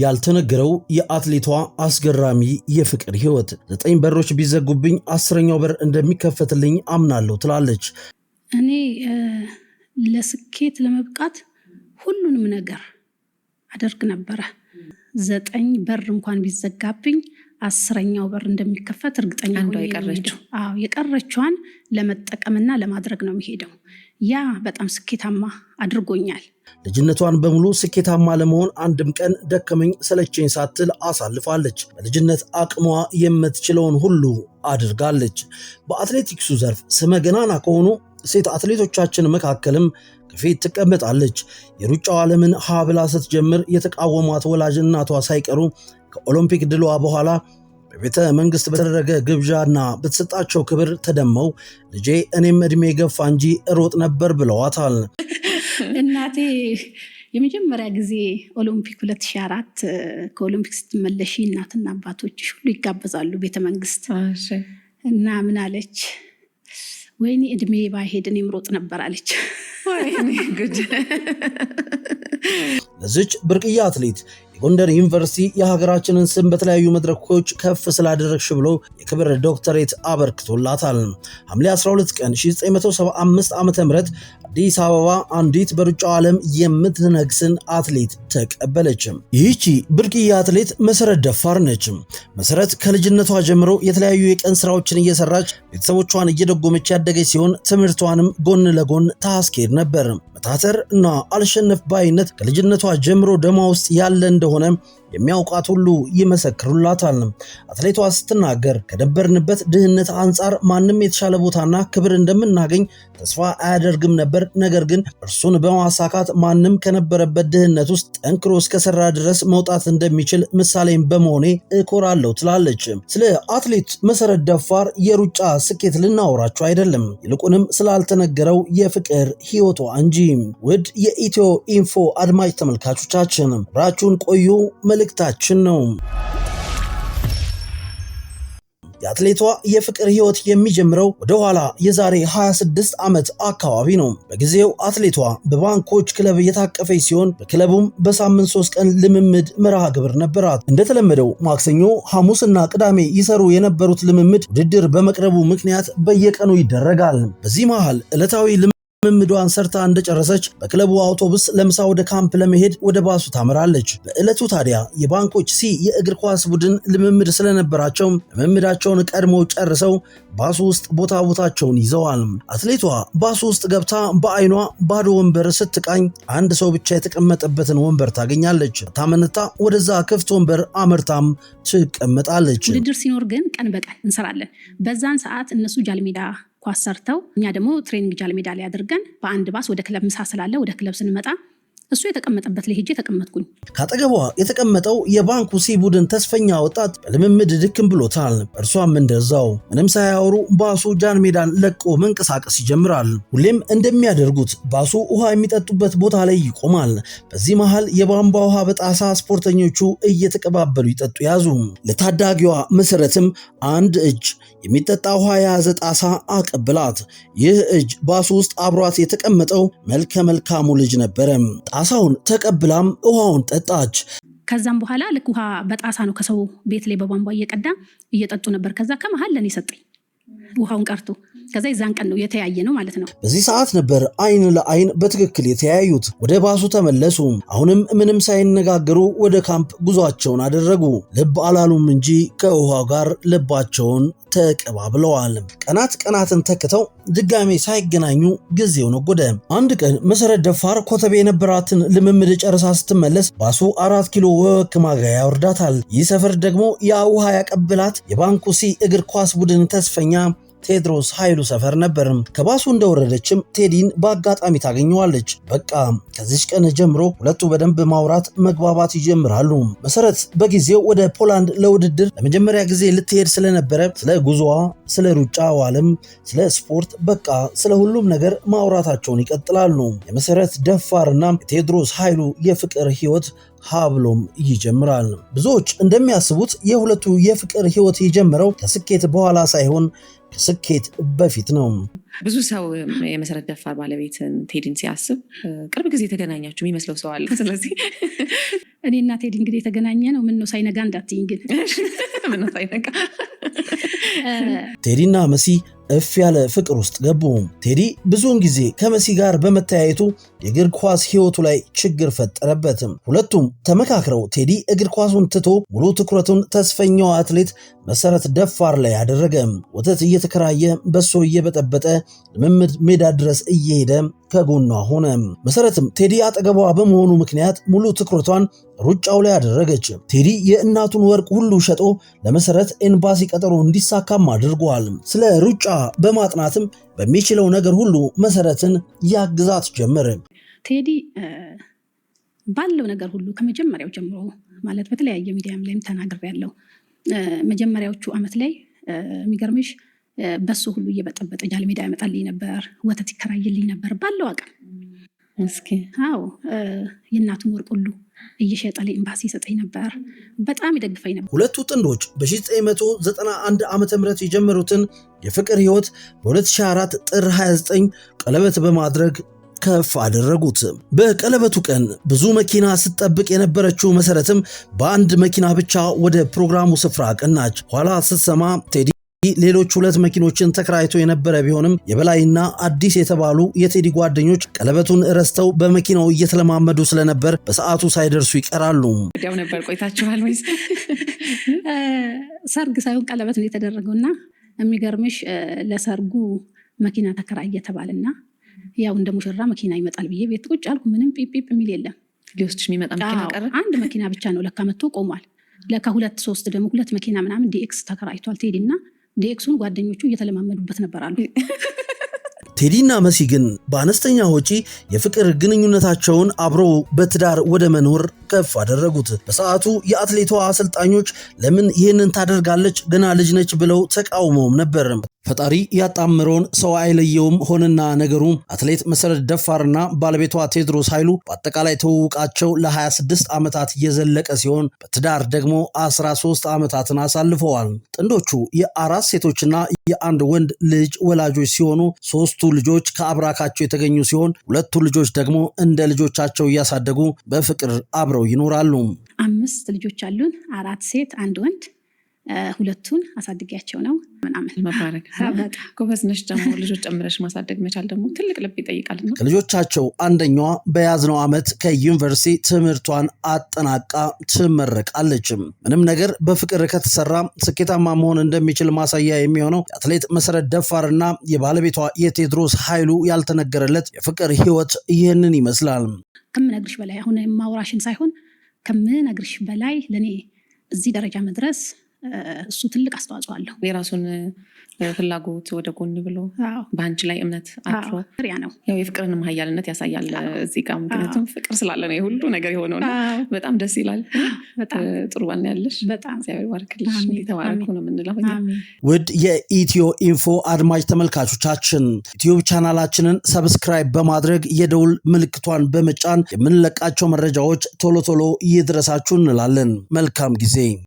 ያልተነገረው የአትሌቷ አስገራሚ የፍቅር ህይወት። ዘጠኝ በሮች ቢዘጉብኝ አስረኛው በር እንደሚከፈትልኝ አምናለሁ ትላለች። እኔ ለስኬት ለመብቃት ሁሉንም ነገር አደርግ ነበረ። ዘጠኝ በር እንኳን ቢዘጋብኝ አስረኛው በር እንደሚከፈት እርግጠኛ የቀረችው የቀረችዋን ለመጠቀምና ለማድረግ ነው የሚሄደው። ያ በጣም ስኬታማ አድርጎኛል። ልጅነቷን በሙሉ ስኬታማ ለመሆን አንድም ቀን ደከመኝ ሰለቸኝ ሳትል አሳልፋለች። በልጅነት አቅሟ የምትችለውን ሁሉ አድርጋለች። በአትሌቲክሱ ዘርፍ ስመገናና ከሆኑ ሴት አትሌቶቻችን መካከልም ከፊት ትቀመጣለች። የሩጫው ዓለምን ሀብላ ስትጀምር የተቃወሟት ወላጅ እናቷ ሳይቀሩ ከኦሎምፒክ ድሏ በኋላ በቤተ መንግስት በተደረገ ግብዣና በተሰጣቸው ክብር ተደመው ልጄ እኔም ዕድሜ ገፋ እንጂ እሮጥ ነበር ብለዋታል። እናቴ የመጀመሪያ ጊዜ ኦሎምፒክ ሁለት ከኦሎምፒክ ስትመለሺ እናትና አባቶች ሁሉ ይጋበዛሉ ቤተ መንግስት እና ምን አለች? ወይኔ እድሜ ባሄድ ምሮጥ ሮጥ ነበር አለች። ወይኔ ጉድ! ለዚች ብርቅዬ አትሌት ጎንደር ዩኒቨርሲቲ የሀገራችንን ስም በተለያዩ መድረኮች ከፍ ስላደረግሽ ብሎ የክብር ዶክተሬት አበርክቶላታል። ሐምሌ 12 ቀን 1975 ዓ ም አዲስ አበባ አንዲት በሩጫው ዓለም የምትነግስን አትሌት ተቀበለች። ይህቺ ብርቅዬ አትሌት መሰረት ደፋር ነች። መሰረት ከልጅነቷ ጀምሮ የተለያዩ የቀን ስራዎችን እየሰራች ቤተሰቦቿን እየደጎመች ያደገች ሲሆን ትምህርቷንም ጎን ለጎን ታስኬድ ነበር። መታተር እና አልሸነፍ ባይነት ከልጅነቷ ጀምሮ ደማ ውስጥ ያለ እንደሆነ እንደሆነ የሚያውቃት ሁሉ ይመሰክሩላታል። አትሌቷ ስትናገር ከነበርንበት ድህነት አንጻር ማንም የተሻለ ቦታና ክብር እንደምናገኝ ተስፋ አያደርግም ነበር። ነገር ግን እርሱን በማሳካት ማንም ከነበረበት ድህነት ውስጥ ጠንክሮ እስከሰራ ድረስ መውጣት እንደሚችል ምሳሌም በመሆኔ እኮራለሁ ትላለች። ስለ አትሌት መሰረት ደፋር የሩጫ ስኬት ልናወራችሁ አይደለም፣ ይልቁንም ስላልተነገረው የፍቅር ህይወቷ እንጂ። ውድ የኢትዮ ኢንፎ አድማጭ ተመልካቾቻችን ብራችሁን ቆዩ። መልእክታችን ነው። የአትሌቷ የፍቅር ህይወት የሚጀምረው ወደ ኋላ የዛሬ 26 ዓመት አካባቢ ነው። በጊዜው አትሌቷ በባንኮች ክለብ የታቀፈች ሲሆን በክለቡም በሳምንት ሶስት ቀን ልምምድ መርሃ ግብር ነበራት። እንደተለመደው ማክሰኞ፣ ሐሙስና ቅዳሜ ይሰሩ የነበሩት ልምምድ ውድድር በመቅረቡ ምክንያት በየቀኑ ይደረጋል። በዚህ መሃል ዕለታዊ ልምምዷን ሰርታ እንደጨረሰች በክለቡ አውቶቡስ ለምሳ ወደ ካምፕ ለመሄድ ወደ ባሱ ታመራለች። በዕለቱ ታዲያ የባንኮች ሲ የእግር ኳስ ቡድን ልምምድ ስለነበራቸው ልምምዳቸውን ቀድመው ጨርሰው ባሱ ውስጥ ቦታ ቦታቸውን ይዘዋል። አትሌቷ ባሱ ውስጥ ገብታ በአይኗ ባዶ ወንበር ስትቃኝ አንድ ሰው ብቻ የተቀመጠበትን ወንበር ታገኛለች። ታመነታ ወደዛ ክፍት ወንበር አመርታም ትቀመጣለች። ውድድር ሲኖር ግን ቀን በቀን እንሰራለን። በዛን ሰዓት እነሱ ጃልሜዳ ኳስ ሰርተው እኛ ደግሞ ትሬኒንግ ጃል ሜዳ ላይ አድርገን በአንድ ባስ ወደ ክለብ ምሳ ስላለ ወደ ክለብ ስንመጣ እሱ የተቀመጠበት ላይ ሄጄ ተቀመጥኩኝ። ካጠገቧ የተቀመጠው የባንኩ ሲ ቡድን ተስፈኛ ወጣት በልምምድ ድክም ብሎታል። እርሷም እንደዛው። ምንም ሳያወሩ ባሱ ጃን ሜዳን ለቆ መንቀሳቀስ ይጀምራል። ሁሌም እንደሚያደርጉት ባሱ ውሃ የሚጠጡበት ቦታ ላይ ይቆማል። በዚህ መሃል የቧንቧ ውሃ በጣሳ ስፖርተኞቹ እየተቀባበሉ ይጠጡ ያዙ። ለታዳጊዋ መሰረትም አንድ እጅ የሚጠጣ ውሃ የያዘ ጣሳ አቀብላት። ይህ እጅ ባሱ ውስጥ አብሯት የተቀመጠው መልከ መልካሙ ልጅ ነበረ። ጣሳውን ተቀብላም ውሃውን ጠጣች። ከዛም በኋላ ልክ ውሃ በጣሳ ነው ከሰው ቤት ላይ በቧንቧ እየቀዳ እየጠጡ ነበር። ከዛ ከመሀል ለእኔ ሰጠኝ ውሃውን ቀርቶ ከዛ የዛን ቀን ነው የተያየ ነው ማለት ነው። በዚህ ሰዓት ነበር አይን ለአይን በትክክል የተያዩት። ወደ ባሱ ተመለሱ። አሁንም ምንም ሳይነጋገሩ ወደ ካምፕ ጉዟቸውን አደረጉ። ልብ አላሉም እንጂ ከውሃው ጋር ልባቸውን ተቀባብለዋል። ቀናት ቀናትን ተክተው ድጋሜ ሳይገናኙ ጊዜው ነጎደ። አንድ ቀን መሰረት ደፋር ኮተቤ የነበራትን ልምምድ ጨርሳ ስትመለስ ባሱ አራት ኪሎ ወክ ማጋያ ያወርዳታል። ይህ ሰፈር ደግሞ የውሃ ያቀብላት የባንኩሲ እግር ኳስ ቡድን ተስፈኛ ቴድሮስ ኃይሉ ሰፈር ነበር። ከባሱ እንደወረደችም ቴዲን በአጋጣሚ ታገኘዋለች። በቃ ከዚች ቀን ጀምሮ ሁለቱ በደንብ ማውራት፣ መግባባት ይጀምራሉ። መሰረት በጊዜው ወደ ፖላንድ ለውድድር ለመጀመሪያ ጊዜ ልትሄድ ስለነበረ ስለ ጉዞዋ፣ ስለ ሩጫው ዓለም፣ ስለ ስፖርት፣ በቃ ስለ ሁሉም ነገር ማውራታቸውን ይቀጥላሉ። የመሰረት ደፋርና የቴድሮስ ኃይሉ የፍቅር ህይወት ሀብሎም ይጀምራል። ብዙዎች እንደሚያስቡት የሁለቱ የፍቅር ህይወት የጀመረው ከስኬት በኋላ ሳይሆን ከስኬት በፊት ነው። ብዙ ሰው የመሰረት ደፋር ባለቤትን ቴዲን ሲያስብ ቅርብ ጊዜ የተገናኛችሁ የሚመስለው ሰው አለ። ስለዚህ እኔና ቴዲ እንግዲህ የተገናኘ ነው። ምነው ሳይነጋ እንዳትይኝ ግን ምነው ሳይነጋ ቴዲና መሲ እፍ ያለ ፍቅር ውስጥ ገቡ። ቴዲ ብዙውን ጊዜ ከመሲ ጋር በመተያየቱ የእግር ኳስ ህይወቱ ላይ ችግር ፈጠረበትም። ሁለቱም ተመካክረው ቴዲ እግር ኳሱን ትቶ ሙሉ ትኩረቱን ተስፈኛው አትሌት መሰረት ደፋር ላይ አደረገ። ወተት እየተከራየ በሶ እየበጠበጠ ልምምድ ሜዳ ድረስ እየሄደ ከጎኗ ሆነ። መሰረትም ቴዲ አጠገቧ በመሆኑ ምክንያት ሙሉ ትኩረቷን ሩጫው ላይ አደረገች። ቴዲ የእናቱን ወርቅ ሁሉ ሸጦ ለመሰረት ኤምባሲ ቀጠሮ እንዲሳካም አድርጓል። ስለ ሩጫ በማጥናትም በሚችለው ነገር ሁሉ መሰረትን ያግዛት ጀመር። ቴዲ ባለው ነገር ሁሉ ከመጀመሪያው ጀምሮ ማለት በተለያየ ሚዲያም ላይም ያለው መጀመሪያዎቹ አመት ላይ የሚገርምሽ በሱ ሁሉ እየበጠበጠ ጃል ሜዳ ያመጣልኝ ነበር፣ ወተት ይከራይልኝ ነበር ባለው አቅም። እስኪ አዎ የእናቱን ወርቅ ሁሉ እየሸጠ ለኤምባሲ ይሰጠኝ ነበር። በጣም ይደግፈኝ ነበር። ሁለቱ ጥንዶች በ 991 ዓ ም የጀመሩትን የፍቅር ህይወት በ2004 ጥር 29 ቀለበት በማድረግ ከፍ አደረጉት። በቀለበቱ ቀን ብዙ መኪና ስትጠብቅ የነበረችው መሰረትም በአንድ መኪና ብቻ ወደ ፕሮግራሙ ስፍራ አቀናች። ኋላ ስትሰማ ቴዲ ሌሎች ሁለት መኪኖችን ተከራይቶ የነበረ ቢሆንም የበላይና አዲስ የተባሉ የቴዲ ጓደኞች ቀለበቱን ረስተው በመኪናው እየተለማመዱ ስለነበር በሰዓቱ ሳይደርሱ ይቀራሉ። ወዲያው ነበር ቆይታችኋል ወይስ? ሰርግ ሳይሆን ቀለበት ነው የተደረገውና የሚገርምሽ ለሰርጉ መኪና ተከራይ እየተባልና ያው እንደ ሙሽራ መኪና ይመጣል ብዬ ቤት ቁጭ አልኩ። ምንም ጲጲ የሚል የለም። ሊወስድሽ የሚመጣ መኪና ቀረ። አንድ መኪና ብቻ ነው ለካ መጥቶ ቆሟል። ለካ ሁለት ሶስት ደግሞ ሁለት መኪና ምናምን ዲኤክስ ተከራይቷል። እና ዲኤክሱን ጓደኞቹ እየተለማመዱበት ነበር አሉ ቴዲና መሲ ግን በአነስተኛ ወጪ የፍቅር ግንኙነታቸውን አብረው በትዳር ወደ መኖር ከፍ አደረጉት። በሰዓቱ የአትሌቷ አሰልጣኞች ለምን ይህንን ታደርጋለች ገና ልጅ ነች ብለው ተቃውመውም ነበር። ፈጣሪ ያጣምረውን ሰው አይለየውም ሆነና ነገሩ አትሌት መሰረት ደፋርና ባለቤቷ ቴድሮስ ኃይሉ በአጠቃላይ ተውውቃቸው ለ26 ዓመታት የዘለቀ ሲሆን በትዳር ደግሞ 13 ዓመታትን አሳልፈዋል። ጥንዶቹ የአራት ሴቶችና የአንድ ወንድ ልጅ ወላጆች ሲሆኑ ሶስቱ ሶስቱ ልጆች ከአብራካቸው የተገኙ ሲሆን ሁለቱ ልጆች ደግሞ እንደ ልጆቻቸው እያሳደጉ በፍቅር አብረው ይኖራሉ። አምስት ልጆች አሉን፣ አራት ሴት አንድ ወንድ። ሁለቱን አሳድጊያቸው ነው ምናምን መባረክ ጎበዝ ነሽ። ደግሞ ልጆች ጨምረሽ ማሳደግ መቻል ደግሞ ትልቅ ልብ ይጠይቃል። ነው ከልጆቻቸው አንደኛዋ በያዝነው ዓመት ከዩኒቨርሲቲ ትምህርቷን አጠናቃ ትመረቃለችም። ምንም ነገር በፍቅር ከተሰራ ስኬታማ መሆን እንደሚችል ማሳያ የሚሆነው የአትሌት መሰረት ደፋርና የባለቤቷ የቴድሮስ ኃይሉ ያልተነገረለት የፍቅር ህይወት ይህንን ይመስላል። ከምነግርሽ በላይ አሁን ማውራሽን ሳይሆን ከምነግርሽ በላይ ለእኔ እዚህ ደረጃ መድረስ እሱ ትልቅ አስተዋጽኦ አለው። የራሱን ፍላጎት ወደ ጎን ብሎ በአንቺ ላይ እምነት አድሮ ነው ያው የፍቅርን ኃያልነት ያሳያል እዚህ ጋር ምክንያቱም ፍቅር ስላለ ነው የሁሉ ነገር የሆነው። በጣም ደስ ይላል። ጥሩ ባል ያለሽ እግዚአብሔር ባርክልሽ። የተባረኩ ነው የምንለው። ውድ የኢትዮ ኢንፎ አድማጭ ተመልካቾቻችን ዩቲዩብ ቻናላችንን ሰብስክራይብ በማድረግ የደውል ምልክቷን በመጫን የምንለቃቸው መረጃዎች ቶሎ ቶሎ ይድረሳችሁ እንላለን። መልካም ጊዜ